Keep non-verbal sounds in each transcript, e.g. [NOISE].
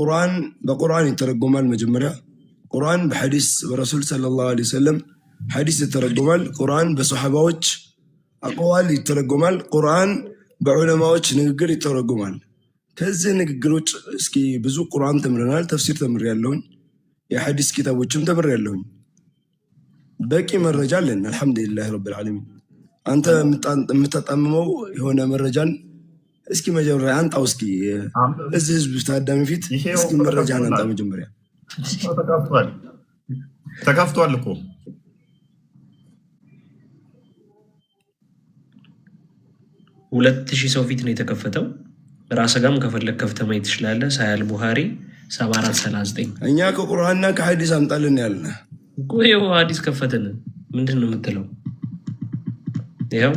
ቁርአን በቁርአን ይተረጎማል። መጀመሪያ ቁርአን በሐዲስ በረሱል ሰለላሁ ዐለይሂ ወሰለም ሐዲስ ይተረጎማል። ቁርአን በሶሐባዎች አቋዋል ይተረጎማል። ቁርአን በዑለማዎች ንግግር ይተረጎማል። ከዚህ ውጭ እስኪ ብዙ ቁርአን ተምረናል። ተፍሲር ተምር ያለውኝ የሐዲስ ኪታቦችም ተምር ያለውኝ በቂ መረጃ አለን። አልሐምዱሊላህ ረብል አንተ የምታጣምመው የሆነ መረጃን እስኪ መጀመሪያ አንጣው፣ እስኪ እዚህ ህዝብ ውስጥ ታዳሚ ፊት እስኪ መረጃ አንጣ። መጀመሪያ ተካፍቷል፣ እኮ ሁለት ሺህ ሰው ፊት ነው የተከፈተው። ራሰ ጋም ከፈለግ ከፍተህ ማየት ትችላለህ። ሳያል ቡሃሪ 7439 እኛ ከቁርአንና ከሀዲስ አምጣልን ያለ ሀዲስ ከፈትን። ምንድን ነው የምትለው? ይኸው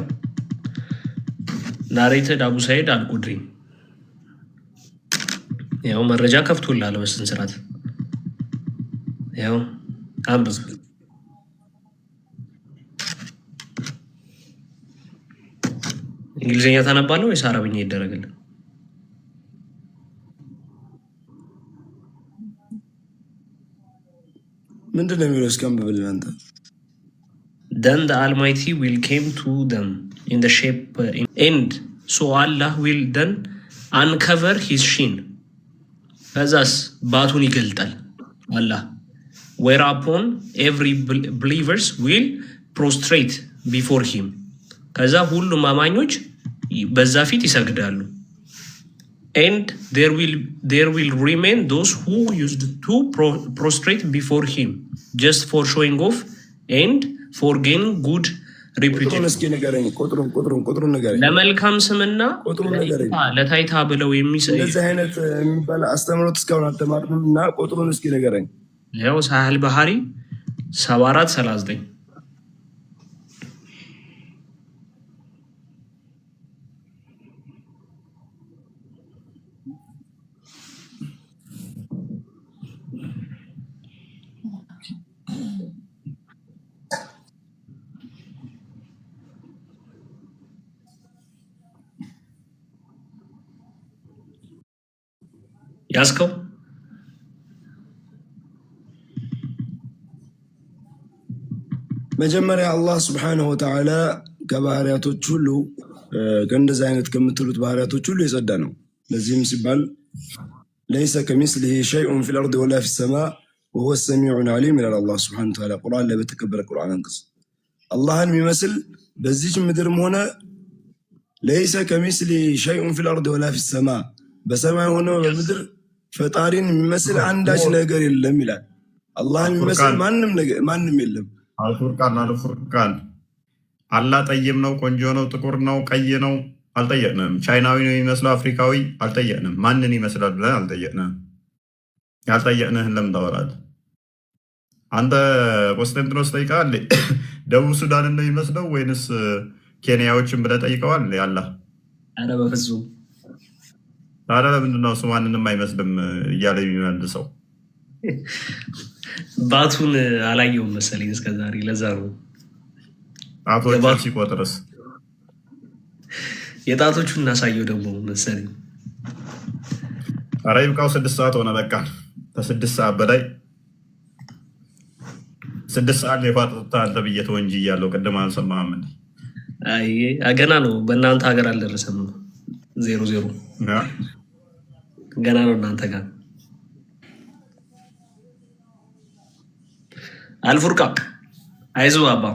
ናሬትድ አቡ ሳይድ አልቁድሪ ያው መረጃ ከፍቶላል በስን ስርዓት ያው አንብብ። እንግሊዝኛ ታነባለህ ወይስ አረብኛ ይደረግልን? ምንድን ነው የሚለው? እስኪ አንብብልን አንተ ደን አልማይቲ ዊል ኬም ቱ ደም in the shape uh, in end. So Allah will then uncover his shin. Azas batuni igaltal. Allah. Whereupon every believers will prostrate before him. ከዛ ሁሉም አማኞች በዛ ፊት and there will there will remain those who used to pro prostrate before him just for showing off and for gaining good ለመልካም ስምና ለታይታ ብለው እንደዚህ አይነት የሚባል አስተምህሮት እስካሁን አልተማርንም እና ቁጥሩን እስኪ ንገረኝ። ሳህል ባህሪ ሰባ አራት ሰላሳ ዘጠኝ ያዝከው መጀመሪያ አላህ ስብሓነሁ ወተዓላ ከባህሪያቶች ሁሉ ከእንደዚህ አይነት ከምትሉት ባህሪያቶች ሁሉ የጸዳ ነው። ለዚህም ሲባል ለይሰ ከሚስሊሂ ሸይኡን ፊል አርድ ወላ ፊ ወሁወ ሰሚዑን ዓሊም ይላል አላህ ስብሓነሁ ወተዓላ ቁርአን ላይ በተከበረ ቁርአን አንቀጽ። አላህን የሚመስል በዚች ምድርም ሆነ ለይሰ ከሚስሊሂ ሸይኡን ፊል አርድ ወላ ፊ በሰማይ ሆነ በምድር ፈጣሪን የሚመስል አንዳች ነገር የለም ይላል። አላህን የሚመስል ማንም ነገር ማንም የለም። አልፉርቃን አልፉርቃን አላህ ጠይም ነው፣ ቆንጆ ነው፣ ጥቁር ነው፣ ቀይ ነው አልጠየቅንም። ቻይናዊ ነው የሚመስለው አፍሪካዊ አልጠየቅንም። ማንን ይመስላል ብለን አልጠየቅንም። ያልጠየቅንህን ለምን ታወራለህ? አንተ ቆስጠንጢኖስ ጠይቀሃል። [COUGHS] ደቡብ ሱዳንን ነው የሚመስለው ወይንስ ኬንያዎችን ብለህ ጠይቀዋል? ያላ ኧረ በፍፁም አረ ለምንድን ነው እሱ ማንንም አይመስልም እያለ የሚመልሰው? ባቱን አላየውም መሰለኝ እስከዛሬ። ለዛ ነው ጣቶቹ ሲቆጥርስ የጣቶቹን እናሳየው ደግሞ መሰለኝ። አረ ይብቃው፣ ስድስት ሰዓት ሆነ። በቃ ከስድስት ሰዓት በላይ ስድስት ሰዓት የፋጥታ ፋጥታ አንተ ብዬሽ ተወው እያለው ቅድም አልሰማህም? አይ ገና ነው። በእናንተ ሀገር አልደረሰም። ዜሮ ዜሮ ገና ነው እናንተ ጋር አልፉርቃ አይዞ አባ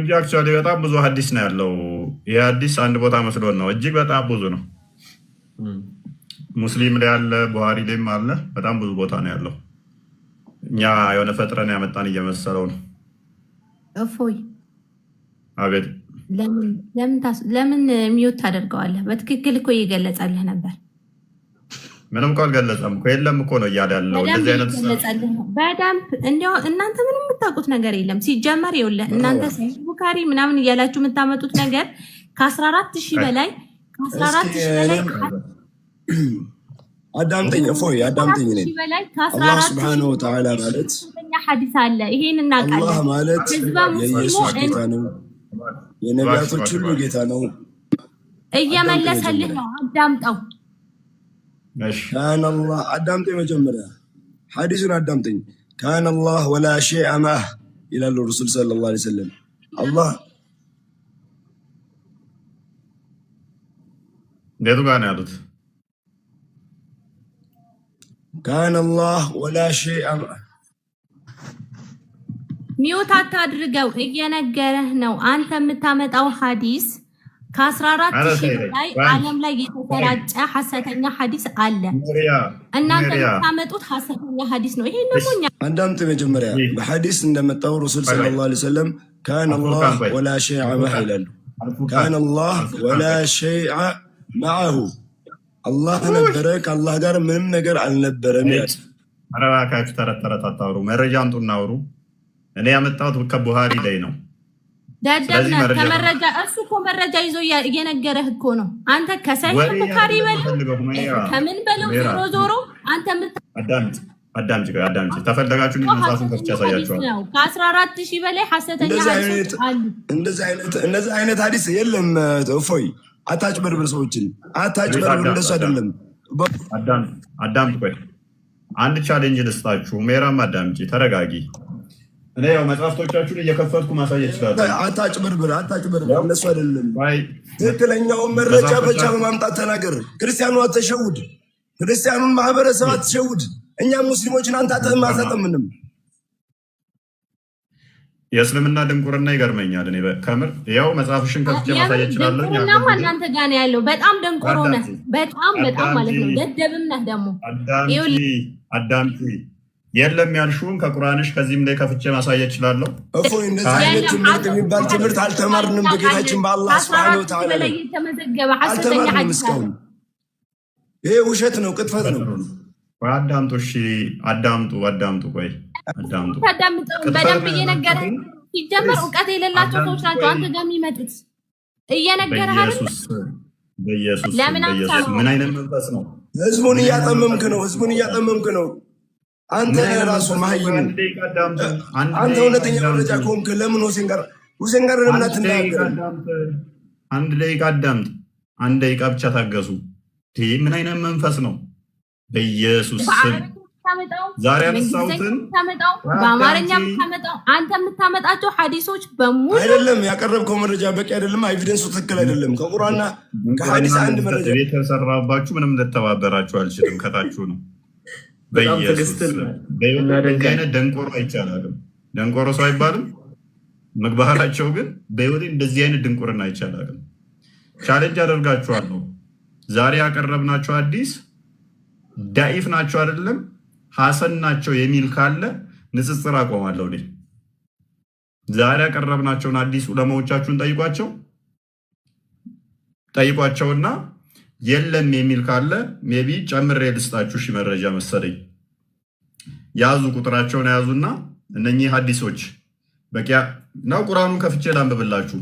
እንጂ አክቹዋሊ በጣም ብዙ ሀዲስ ነው ያለው። ይህ ሀዲስ አንድ ቦታ መስሎን ነው። እጅግ በጣም ብዙ ነው። ሙስሊም ላይ አለ፣ ቡሃሪ ላይም አለ። በጣም ብዙ ቦታ ነው ያለው። እኛ የሆነ ፈጥረን ያመጣን እየመሰለው ነው። እፎይ አቤት። ለምን ሚዩት ታደርገዋለህ? በትክክል እኮ እየገለጸልህ ነበር። ምንም እኮ አልገለጸም እኮ የለም እኮ ነው እያለ ያለው እንደዚህ አይነት በደንብ እንዲያው እናንተ ምንም የምታውቁት ነገር የለም። ሲጀመር የለ እናንተ ቡካሪ ምናምን እያላችሁ የምታመጡት ነገር ከአስራ አራት ሺህ በላይ ከአስራ አራት ሺህ በላይ አዳምጠኝ አዳምጠኝ አላህ ወተዓላ ማለት አለ። ይሄን እናውቃለን። አላህ ማለት የኢየሱስ ጌታ ነው፣ የነቢያቶች ሁሉ ጌታ ነው። እየመለሰልህ ነው። አዳምጠው ካን አዳምጠኝ፣ መጀመሪያ ሐዲሱን አዳምጠኝ። ካን አላህ ወላ ሸይአ ማህ ይላሉ ረሱል ሰለላሁ ዐለይሂ ወሰለም። አላህ የቱ ጋር ነው ያሉት? ካን ወላ ሸይአ ማህ ሚውት አታድርገው፣ እየነገረህ ነው አንተ የምታመጣው ሐዲስ ከአስራ 14 ሺህ በላይ ዓለም ላይ የተሰራጨ ሐሰተኛ ሐዲስ አለ። እናንተ የምታመጡት ሀሰተኛ ሀዲስ ነው። ይሄን ደግሞ እኛ መጀመሪያ በሐዲስ እንደመጣው ረሱል ሰለላሁ ዐለይሂ ወሰለም ካን አላህ ወላ ሸይአ ማህ ይላሉ። ካን አላህ ወላ ሸይአ ማአሁ አላህ ነበረ ከአላህ ጋር ምንም ነገር አልነበረም ይላል። አረባካችሁ ተረት ተረት አታውሩ፣ መረጃ አምጡና አውሩ። እኔ ያመጣሁት ከቡሃሪ ላይ ነው። ደደብ ነህ። ከመረጃ እሱ እኮ መረጃ ይዞ እየነገረህ እኮ ነው። አንተ ከሰይህ ካሪ በለው ከምን በለው ዞሮ ዞሮ አንተ አዳምጭ አዳምጭ። ተፈለጋችሁ መጽሐፉን ከፍቼ ያሳያችኋል። ከአስራ አራት ሺህ በላይ ሐሰተኛ እንደዚህ አይነት ሀዲስ የለም። እፎይ አታጭበርብር፣ ሰዎችን አታጭ አታጭበርብር። እንደሱ አይደለም። አዳምጭ። ቆይ አንድ ቻሌንጅ ልስጣችሁ። ሜራም አዳምጭ፣ ተረጋጊ እኔ ያው መጽሐፍቶቻችሁን እየከፈትኩ ማሳየት እችላለሁ። አታጭበርብር፣ አታጭበርብር። እነሱ አይደለም ትክክለኛውን መረጃ ብቻ በማምጣት ተናገር። ክርስቲያኑ አትሸውድ፣ ክርስቲያኑን ማህበረሰብ አትሸውድ። እኛ ሙስሊሞችን አንታተ አጠም አሳጠምንም። የእስልምና ድንቁርና ይገርመኛል። እኔ ከምር ያው መጽሐፍሽን ከፍቼ ማሳየት እችላለሁ። ድንቁርናማ እናንተ ጋር ነው ያለው። በጣም ደንቆሮ ነህ፣ በጣም በጣም ማለት ነው። ደደብም ነህ ደግሞ አዳምጪ የለም ያልሽውን ከቁርአንሽ ከዚህም ላይ ከፍቼ ማሳየት እችላለሁ። እፎይ እንደዚህ አይነት ትምህርት የሚባል ትምህርት አልተማርንም። በጌታችን በአላ ስብሐነ ወተዓላ አልተማርንም እስካሁን። ይሄ ውሸት ነው፣ ቅጥፈት ነው። አዳምጡ፣ እሺ አዳምጡ፣ አዳምጡ፣ ቆይ አዳምጡ። በደንብ እየነገረህ ሲጀመር እውቀት የሌላቸው ሰዎች ናቸው አንተ ጋር የሚመጡት እየነገረህ በኢየሱስ ምን አይነት መንፈስ ነው? ህዝቡን እያጠመምክ ነው፣ ህዝቡን እያጠመምክ ነው። አንተ ራሱ ማይም አንተ ሁለተኛ ደረጃ ከሆንክ ለምን ሁሴን ጋር ሁሴን ጋር ለምን አትናገር? አንድ ደቂቃ አዳምጥ። አንድ ደቂቃ ብቻ ታገሱ። ይህ ምን አይነት መንፈስ ነው? በኢየሱስ ስም ዛሬ ያነሳሁትን በአማርኛ የምታመጣው አንተ የምታመጣቸው ሀዲሶች በሙሉ አይደለም። ያቀረብከው መረጃ በቂ አይደለም። ኤቪደንሱ ትክክል አይደለም። ከቁርአንና ከሀዲስ አንድ መረጃ ቤት ምንም ልተባበራችሁ አልችልም። ከታችሁ ነው በህይወት ደንቆሮ አይቻልም። ደንቆሮ ሰው አይባልም። ምግባራቸው ግን በህይወት እንደዚህ አይነት ድንቁርና አይቻልም። ቻሌንጅ አደርጋችኋለሁ። ዛሬ ያቀረብናቸው አዲስ ዳኢፍ ናቸው አይደለም ሀሰን ናቸው የሚል ካለ ንጽጽር አቆማለሁ። ዛሬ ያቀረብናቸውን አዲስ ለማዎቻችሁን ጠይቋቸው ጠይቋቸውና የለም የሚል ካለ ሜቢ ጨምሬ ልስጣችሁ። ሺ መረጃ መሰለኝ ያዙ፣ ቁጥራቸውን ያዙና እነኚህ ሀዲሶች በቂያ ነው። ቁራኑን ከፍቼ ላንብብላችሁ።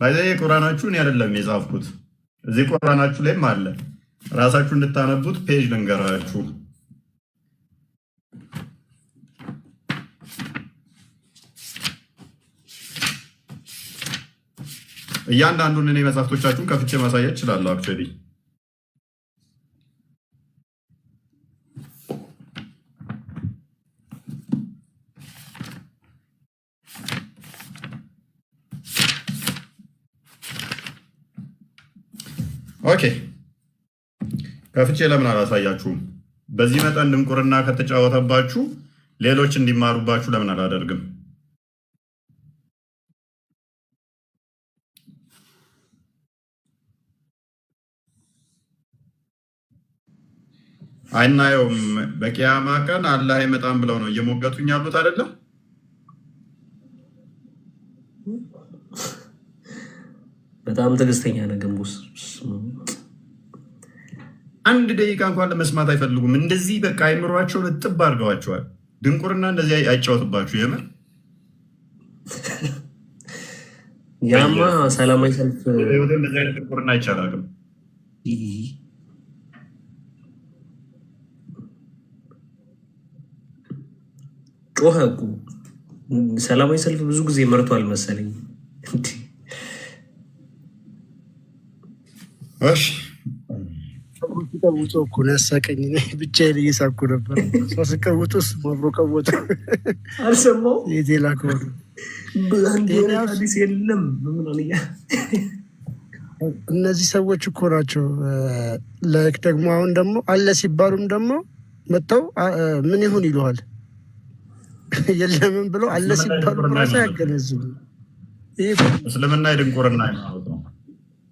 ባይዘ ቁርአናችሁን አይደለም የጻፍኩት እዚህ ቁራናችሁ ላይም አለ። ራሳችሁ እንድታነቡት ፔጅ ልንገራችሁ። እያንዳንዱን እኔ መጽሐፍቶቻችሁን ከፍቼ ማሳየት እችላለሁ አክቹዋሊ ኦኬ ከፍቼ ለምን አላሳያችሁም? በዚህ መጠን ድንቁርና ከተጫወተባችሁ ሌሎች እንዲማሩባችሁ ለምን አላደርግም? አይናየውም። በቅያማ ቀን አላህ አይመጣም ብለው ነው እየሞገቱኝ ያሉት አይደለም? በጣም ትዕግስተኛ ነው። ግንቡስ። አንድ ደቂቃ እንኳን ለመስማት አይፈልጉም። እንደዚህ በቃ አይምሯቸውን እጥብ አድርገዋቸዋል። ድንቁርና እንደዚህ አይጫወትባችሁ። የምር ያማ ሰላማዊ ሰልፍ ድንቁርና አይቻልም። ጮኸ እኮ ሰላማዊ ሰልፍ ብዙ ጊዜ መርቷል መሰለኝ። እሺ ቀውጦ እኮ ነው ያሳቀኝ። ብቻዬን እየሳኩ ነበር። አብሮ ቀወጠ። አልሰማሁም። አዲስ የለም። እነዚህ ሰዎች እኮ ናቸው። ለክ ደግሞ አሁን ደግሞ አለ ሲባሉም ደግሞ መጥተው ምን ይሁን ይለዋል። የለምን ብለው አለ ሲባሉ ራሱ ያገነዝቡ። እስልምና የድንቁርና ሃይማኖት ነው።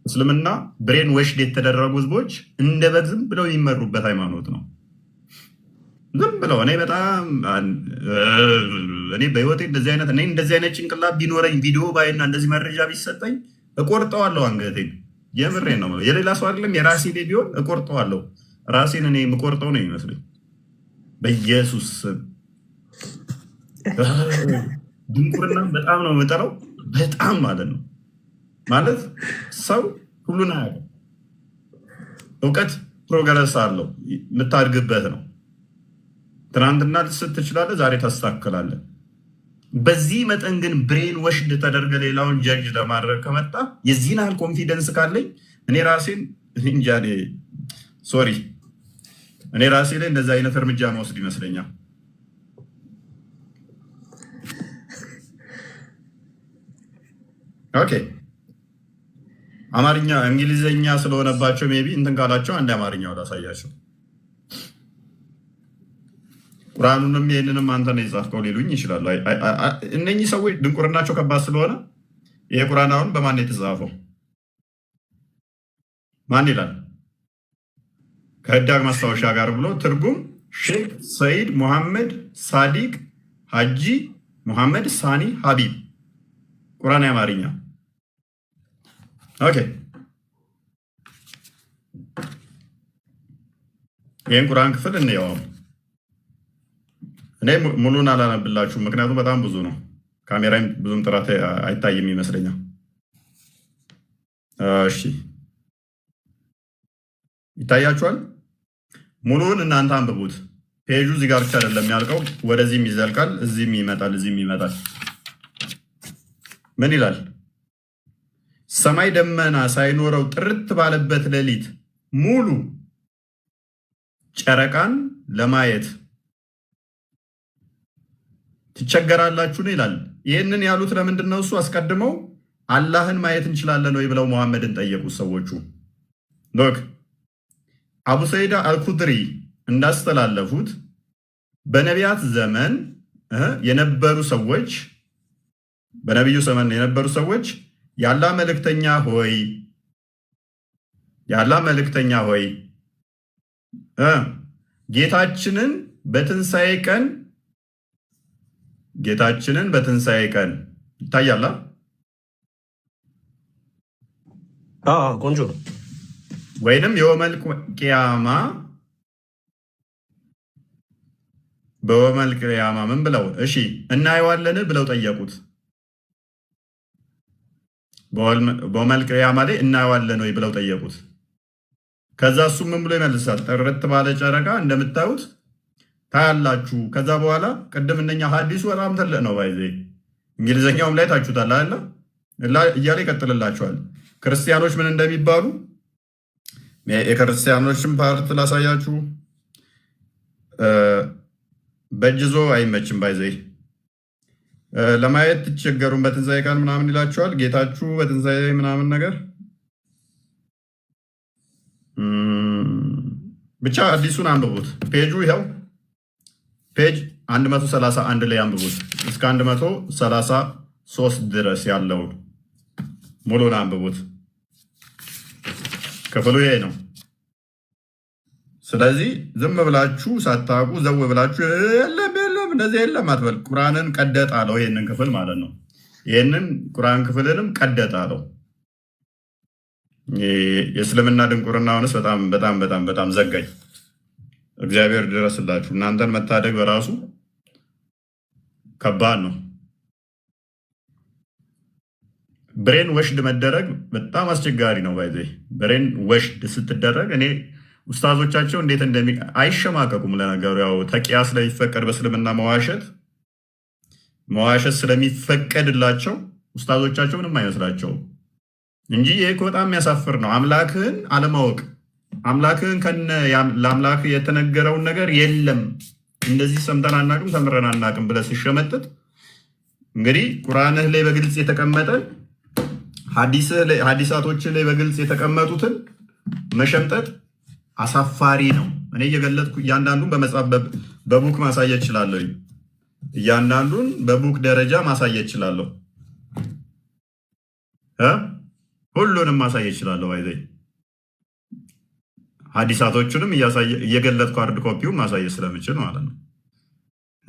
እስልምና ብሬን ወሽድ የተደረጉ ህዝቦች እንደ በግ ዝም ብለው የሚመሩበት ሃይማኖት ነው። ዝም ብለው እኔ በጣም እኔ በህይወቴ እንደዚህ አይነት እኔ እንደዚህ አይነት ጭንቅላት ቢኖረኝ ቪዲዮ ባይና እንደዚህ መረጃ ቢሰጠኝ እቆርጠዋለሁ አንገቴን። የምሬ ነው። የሌላ ሰው አይደለም የራሴ ቢሆን እቆርጠዋለሁ። ራሴን እኔ የምቆርጠው ነው ይመስለኝ። በኢየሱስ ድንቁርና በጣም ነው የምጠላው፣ በጣም ማለት ነው ማለት ሰው ሁሉን አያውቅም። እውቀት ፕሮግረስ አለው፣ የምታድግበት ነው። ትናንትና ስትችላለህ፣ ዛሬ ታስተካክላለህ። በዚህ መጠን ግን ብሬን ወሽድ ተደርገ ሌላውን ጀጅ ለማድረግ ከመጣ የዚህን ያህል ኮንፊደንስ ካለኝ እኔ ራሴን እንጃ ሶሪ እኔ ራሴ ላይ እንደዚህ አይነት እርምጃ መውሰድ ይመስለኛል። ኦኬ አማርኛ እንግሊዘኛ ስለሆነባቸው ሜይ ቢ እንትን ካላቸው አንድ አማርኛው ላሳያቸው። ቁርአኑንም ይህንንም አንተ ነው የጻፍከው ሊሉኝ ይችላሉ። እነኚህ ሰዎች ድንቁርናቸው ከባድ ስለሆነ ይሄ ቁርአን አሁን በማን የተጻፈው ማን ይላል? ከህዳግ ማስታወሻ ጋር ብሎ ትርጉም ሼክ ሰይድ ሙሐመድ ሳዲቅ ሀጂ ሙሐመድ ሳኒ ሀቢብ ቁርአን አማርኛ ይህን ቁርአን ክፍል እንየው። እኔ ሙሉን አላነብላችሁ ምክንያቱም በጣም ብዙ ነው። ካሜራ ብዙም ጥራት አይታይም ይመስለኛል። እሺ ይታያችኋል። ሙሉውን እናንተ አንብቡት። ፔጁ እዚህ ጋር ብቻ አይደለም ያልቀው፣ ወደዚህም ይዘልቃል፣ እዚህም ይመጣል፣ እዚህም ይመጣል። ምን ይላል? ሰማይ ደመና ሳይኖረው ጥርት ባለበት ሌሊት ሙሉ ጨረቃን ለማየት ትቸገራላችሁን? ይላል። ይህንን ያሉት ለምንድን ነው? እሱ አስቀድመው አላህን ማየት እንችላለን ወይ ብለው መሐመድን ጠየቁት ሰዎቹ። ሎክ አቡ ሰይዳ አልኩድሪ እንዳስተላለፉት በነቢያት ዘመን የነበሩ ሰዎች በነቢዩ ዘመን የነበሩ ሰዎች ያላ መልእክተኛ ሆይ ያላ መልእክተኛ ሆይ ጌታችንን በትንሣኤ ቀን ጌታችንን በትንሣኤ ቀን ይታያላ። ቆንጆ ነው። ወይንም የወመል ቅያማ በወመል ቅያማ ምን ብለው እሺ እናየዋለን ብለው ጠየቁት። በመልቀ ያማ ላይ እናየዋለን ወይ ብለው ጠየቁት። ከዛ እሱ ምን ብሎ ይመልሳል? ጥርት ባለ ጨረቃ እንደምታዩት ታያላችሁ። ከዛ በኋላ ቅድም እነኛ ሀዲሱ በጣም ትልቅ ነው ባይዜ እንግሊዝኛውም ላይ ታችሁታል አለ እያለ ይቀጥልላቸዋል። ክርስቲያኖች ምን እንደሚባሉ የክርስቲያኖችን ፓርት ላሳያችሁ። በእጅዞ አይመችም ባይዘይ ለማየት ትቸገሩም በትንሳኤ ቀን ምናምን ይላችኋል ጌታችሁ በትንሣኤ ምናምን ነገር ብቻ አዲሱን አንብቡት። ፔጁ ይኸው ፔጅ 131 ላይ አንብቡት እስከ 133 ድረስ ያለውን ሙሉን አንብቡት። ክፍሉ ይሄ ነው። ስለዚህ ዝም ብላችሁ ሳታውቁ ዘው ብላችሁ እንደዚህ የለም አትበል። ቁርአንን ቀደጥ አለው ይህንን ክፍል ማለት ነው። ይህንን ቁርአን ክፍልንም ቀደጥ አለው። የእስልምና ድንቁርና ሆነስ በጣም በጣም በጣም በጣም ዘጋኝ። እግዚአብሔር ድረስላችሁ። እናንተን መታደግ በራሱ ከባድ ነው። ብሬን ወሽድ መደረግ በጣም አስቸጋሪ ነው። ባይዘ ብሬን ወሽድ ስትደረግ እኔ ኡስታዞቻቸው እንዴት እንደሚ አይሸማቀቁም። ለነገሩ ያው ተቂያ ስለሚፈቀድ በእስልምና መዋሸት መዋሸት ስለሚፈቀድላቸው ኡስታዞቻቸው ምንም አይመስላቸው እንጂ ይህ እኮ በጣም የሚያሳፍር ነው። አምላክህን አለማወቅ አምላክህን ከነ ለአምላክ የተነገረውን ነገር የለም እንደዚህ ሰምተን አናቅም ተምረን አናቅም ብለህ ሲሸመጥጥ እንግዲህ ቁርአንህ ላይ በግልጽ የተቀመጠ ሀዲሳቶች ላይ በግልጽ የተቀመጡትን መሸምጠጥ አሳፋሪ ነው። እኔ እየገለጥኩ እያንዳንዱን በመጽሐፍ በቡክ ማሳየት እችላለሁ። እያንዳንዱን በቡክ ደረጃ ማሳየት እችላለሁ። ሁሉንም ማሳየት እችላለሁ። ይዘ ሀዲሳቶቹንም እየገለጥኩ አርድ ኮፒውን ማሳየት ስለምችል ማለት ነው።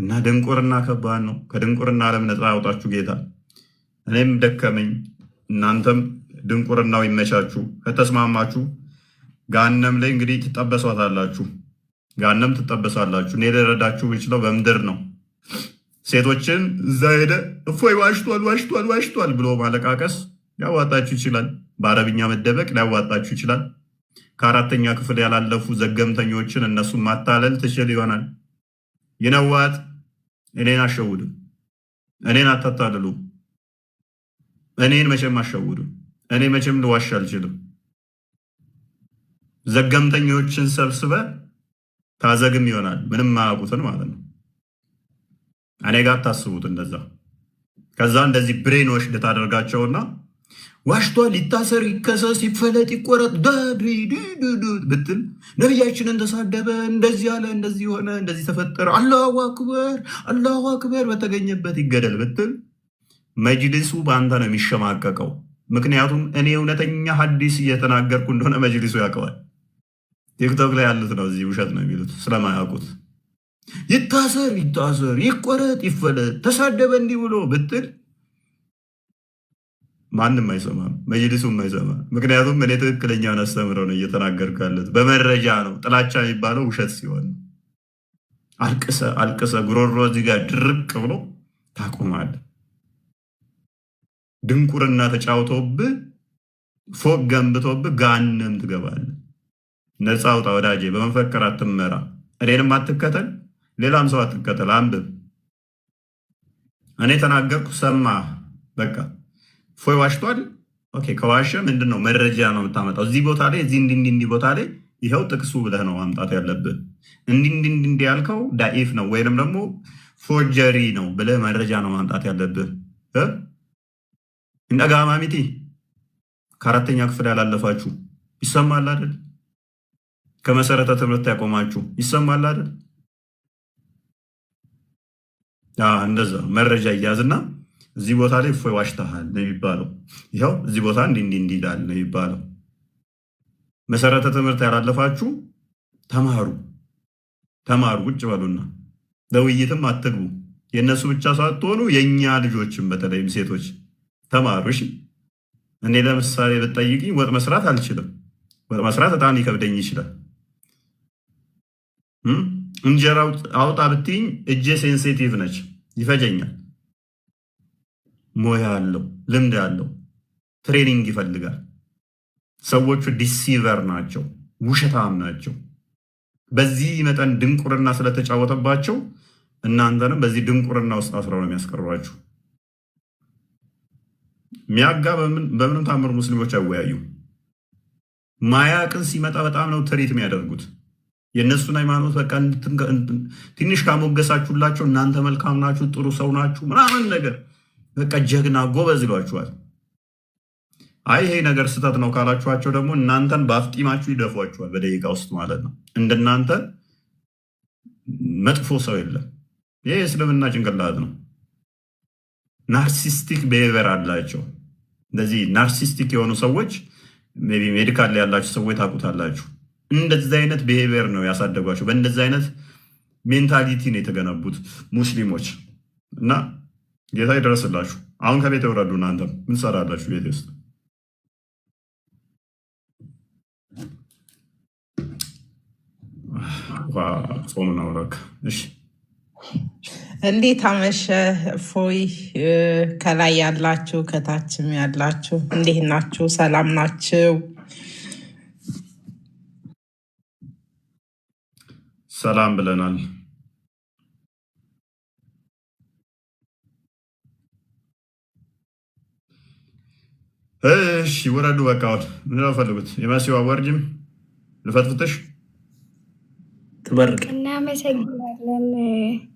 እና ድንቁርና ከባድ ነው። ከድንቁርና ዓለም ነፃ ያውጣችሁ ጌታ። እኔም ደከመኝ፣ እናንተም ድንቁርናው ይመቻችሁ ከተስማማችሁ ጋነም ላይ እንግዲህ ትጠበሷታላችሁ፣ ጋነም ትጠበሳላችሁ። እኔ ልረዳችሁ የምችለው በምድር ነው። ሴቶችን እዛ ሄደ እፎይ ዋሽቷል፣ ዋሽቷል፣ ዋሽቷል ብሎ ማለቃቀስ ሊያዋጣችሁ ይችላል። በአረብኛ መደበቅ ሊያዋጣችሁ ይችላል። ከአራተኛ ክፍል ያላለፉ ዘገምተኞችን እነሱን ማታለል ትችል ይሆናል። ይነዋት እኔን አሸውድም፣ እኔን አታታልሉ፣ እኔን መቼም አሸውድም፣ እኔ መቼም ልዋሽ አልችልም። ዘገምተኞችን ሰብስበ ታዘግም ይሆናል። ምንም ማያውቁትን ማለት ነው። እኔ ጋር ታስቡት እንደዛ። ከዛ እንደዚህ ብሬን ወሽድ ታደርጋቸውና ዋሽቷል፣ ይታሰር፣ ይከሰስ፣ ይፈለጥ፣ ይቆረጥ ብትል ነቢያችንን ተሳደበ፣ እንደዚህ ያለ፣ እንደዚህ ሆነ፣ እንደዚህ ተፈጠረ፣ አላሁ አክበር፣ አላሁ አክበር በተገኘበት ይገደል ብትል መጅልሱ በአንተ ነው የሚሸማቀቀው። ምክንያቱም እኔ እውነተኛ ሀዲስ እየተናገርኩ እንደሆነ መጅልሱ ያውቀዋል። ቲክቶክ ላይ ያሉት ነው። እዚህ ውሸት ነው የሚሉት ስለማያውቁት። ይታሰር ይታሰር፣ ይቆረጥ ይፈለጥ፣ ተሳደበ እንዲህ ብሎ ብትል ማንም አይሰማም፣ መጅልሱም አይሰማ። ምክንያቱም እኔ ትክክለኛውን አስተምረው ነው እየተናገርኩ ያለሁት በመረጃ ነው። ጥላቻ የሚባለው ውሸት ሲሆን አልቅሰ አልቅሰ ጉሮሮ እዚህ ጋር ድርቅ ብሎ ታቆማል። ድንቁርና ተጫውቶብህ ፎቅ ገንብቶብህ ጋንም ትገባለህ። ነፃ አውጣ ወዳጄ። በመፈክር አትመራ፣ እኔንም አትከተል፣ ሌላም ሰው አትከተል። አንብብ። እኔ ተናገርኩ ሰማ። በቃ ፎይ ዋሽቷል። ኦኬ ከዋሸ ምንድን ነው መረጃ ነው የምታመጣው? እዚህ ቦታ ላይ እዚህ እንዲህ እንዲህ ቦታ ላይ ይኸው ጥቅሱ ብለህ ነው ማምጣት ያለብህ። እንዲህ እንዲህ እንዲህ ያልከው ዳኢፍ ነው ወይንም ደግሞ ፎርጀሪ ነው ብለህ መረጃ ነው ማምጣት ያለብህ። እንደ ጋማሚቲ ከአራተኛ ክፍል ያላለፋችሁ ይሰማል አይደል? ከመሰረተ ትምህርት ያቆማችሁ ይሰማል አይደል? እንደዛ መረጃ እያዝና እዚህ ቦታ ላይ እፎይ ዋሽተሃል ነው የሚባለው። ይኸው እዚህ ቦታ እንዲህ እንዲህ ይላል ነው የሚባለው። መሰረተ ትምህርት ያላለፋችሁ ተማሩ፣ ተማሩ፣ ቁጭ በሉና ለውይይትም አትግቡ። የእነሱ ብቻ ሳትሆኑ የእኛ ልጆችም በተለይም ሴቶች ተማሩ። እሺ እኔ ለምሳሌ ብትጠይቅኝ ወጥ መስራት አልችልም። ወጥ መስራት በጣም ሊከብደኝ ይችላል። እንጀራ አውጣ ብትይኝ እጄ ሴንሲቲቭ ነች፣ ይፈጀኛል። ሞያ አለው፣ ልምድ አለው፣ ትሬኒንግ ይፈልጋል። ሰዎቹ ዲሲቨር ናቸው፣ ውሸታም ናቸው። በዚህ መጠን ድንቁርና ስለተጫወተባቸው እናንተንም በዚህ ድንቁርና ውስጥ አስረው ነው የሚያስቀሯችሁ። ሚያጋ በምንም ታምር ሙስሊሞች አወያዩ። ማያቅን ሲመጣ በጣም ነው ትሪት የሚያደርጉት። የእነሱን ሃይማኖት በቃ ትንሽ ካሞገሳችሁላቸው እናንተ መልካም ናችሁ፣ ጥሩ ሰው ናችሁ ምናምን ነገር በቃ ጀግና ጎበዝ ይሏችኋል። አይ ይሄ ነገር ስህተት ነው ካላችኋቸው ደግሞ እናንተን በአፍጢማችሁ ይደፏችኋል፣ በደቂቃ ውስጥ ማለት ነው። እንደናንተ መጥፎ ሰው የለም። ይህ የእስልምና ጭንቅላት ነው። ናርሲስቲክ ብሄቨር አላቸው። እንደዚህ ናርሲስቲክ የሆኑ ሰዎች ሜዲካል ላይ ያላችሁ ሰዎች ታውቁታላችሁ። እንደዚህ አይነት ብሄቪየር ነው ያሳደጓቸው። በእንደዚህ አይነት ሜንታሊቲ ነው የተገነቡት ሙስሊሞች እና ጌታ ይደረስላችሁ። አሁን ከቤት የወረዱ እናንተም ምን ሰራላችሁ ቤት ውስጥ? ጾም ነው እንዴት አመሸ? ፎይ ከላይ ያላችሁ ከታችም ያላችሁ እንዴት ናችሁ? ሰላም ናችሁ? ሰላም ብለናል። እሺ ውረዱ። በቃ አሁን ምንድን ነው ፈልጉት? የመሲው አወርጅም ልፈትፍትሽ። ትበርቅ። እናመሰግናለን።